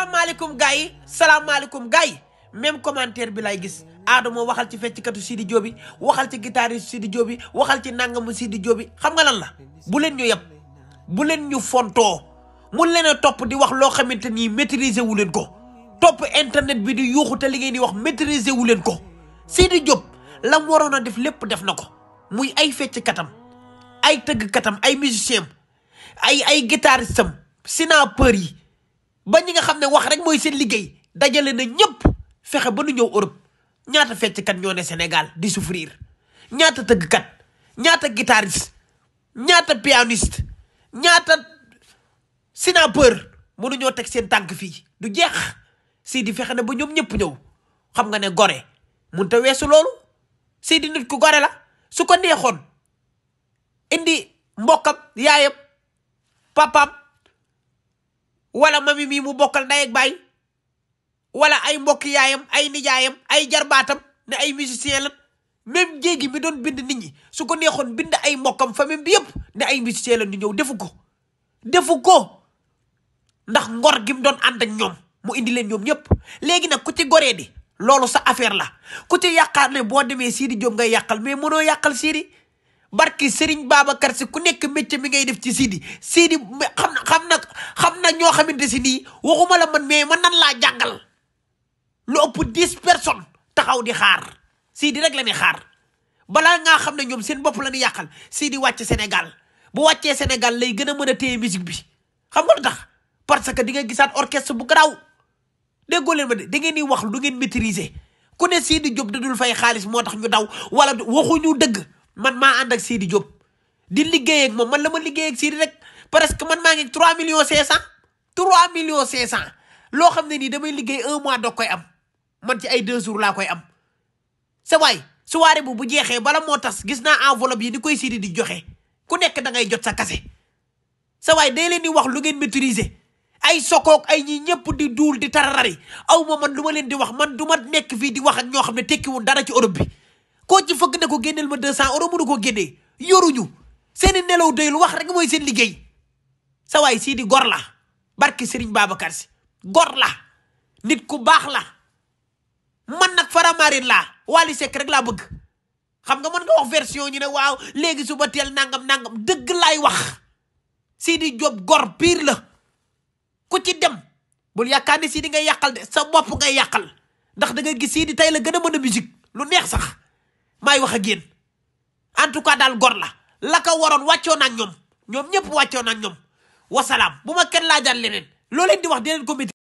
salaamaaleykum gars yi salaamaaleykum gars yi même commentaire bi lay gis Adamo waxal ci fecckatu Sidi Diop bi waxal ci guitariste Sidi Diop bi waxal ci nangamu Sidi Diop bi xam nga lan la bu leen ñu yeb bu leen ñu fontoo mun leen a topp di wax loo xamante ni maîtriser wu leen ko topp internet bi di yuuxu te li ngeen di wax maîtriser wu leen ko Sidi Diop la mu waroon a def lépp def na ko muy ay fecc katam ay tëgg katam ay musicien ay ay guitaristam sinapeur yi ba ñi nga xam ne wax rek mooy seen liggéey dajale na ñëpp fexe ba nu ñëw Europe ñaata fecckat ñoo ne Sénégal di souffrir ñaata tëggkat ñaata guitariste ñaata pianiste ñaata sinapeur mënuñoo teg seen tànk fii du jeex Sidi fexe na ba ñoom ñëpp ñëw xam nga ne gore mënut a weesu loolu Sidi nit ku gore la su ko neexoon indi mbokkam yaayam papam wala mami mii mu bokkal ndey baay wala ay mbokki yaayam ay nijaayam ay jarbaatam ne ay musicien lan même jéegi mi doon bind nit ñi su ko neexoon bind ay mbokkam famille bi yëpp ne ay musicien lan ñu ñëw defu ko defu ko ndax ngor gi mu doon ànd ak ñoom mu indi leen ñoom yëpp léegi nag ku ci goree loolu sa affaire la ku ci yàqaar ne boo demee Sidi Diop ngay yàqal mais mënoo yàqal Sidi barki Serigne baaba si ku nekk métier mi ngay def ci Sidi Sidi xam na xam na xam na ñoo xamante si nii waxuma la man mais man nan laa jàngal lu ëpp dix personnes taxaw di xaar Sidi rek la ñuy xaar balaa ngaa xam ne ñoom seen bopp la ñuy yàqal Sidi wàcc Sénégal bu wàccee Sénégal lay gën a mën a téye musique bi xam nga lu tax parce que di nga gisaat orchestre bu garaaw déggoo leen ma de da ngeen di wax lu ngeen maîtriser ku ne Sidi job da dul fay xaalis moo tax ñu daw wala waxuñu dëgg. man maa ànd ak Sidi Diop di liggéey ak moom man la ma liggéey ak Sidi rek parce que man maa ngi trois millions cinq cent trois millions cinq loo xam ne nii damay liggéey un mois doog koy am man ci ay deux jours laa koy am sa waay soirée bu bu jeexee bala moo tas gis naa enveloppe yi ni koy Sidi di joxe ku nekk dangay jot sa kase sa waay day leen di wax lu ngeen maîtriser ay sokook ay ñi ñëpp di duul di tararari aw ma man lu ma leen di wax man du ma nekk fii di wax ak ñoo xam ne tekkiwul dara ci Europe koo ci fëgg ne ko génneel ma 200 euro mënu ko génnee yoruñu seeni nelaw doyul wax rek mooy seen liggéey sa waay siidi di gor la barki Serigne Babacar si gor la nit ku baax la man nag faramaarin laa Wally Seck rek laa bëgg xam nga mën nga wax version ñu ne waaw léegi suba teel nangam nangam dëgg laay wax Sidi Diop gor piir la ku ci dem bul yaakaar ni Sidi ngay yàqal de sa bopp ngay yàqal ndax da nga gis Sidi tey la gën a mën a musique lu neex sax maay wax ak yéen en tout cas daal gor la la ko waroon wàccoon ak ñoom ñoom ñëpp wàccoon ak ñoom wasalaam bu ma kenn laajal leneen loo leen di wax di leen ko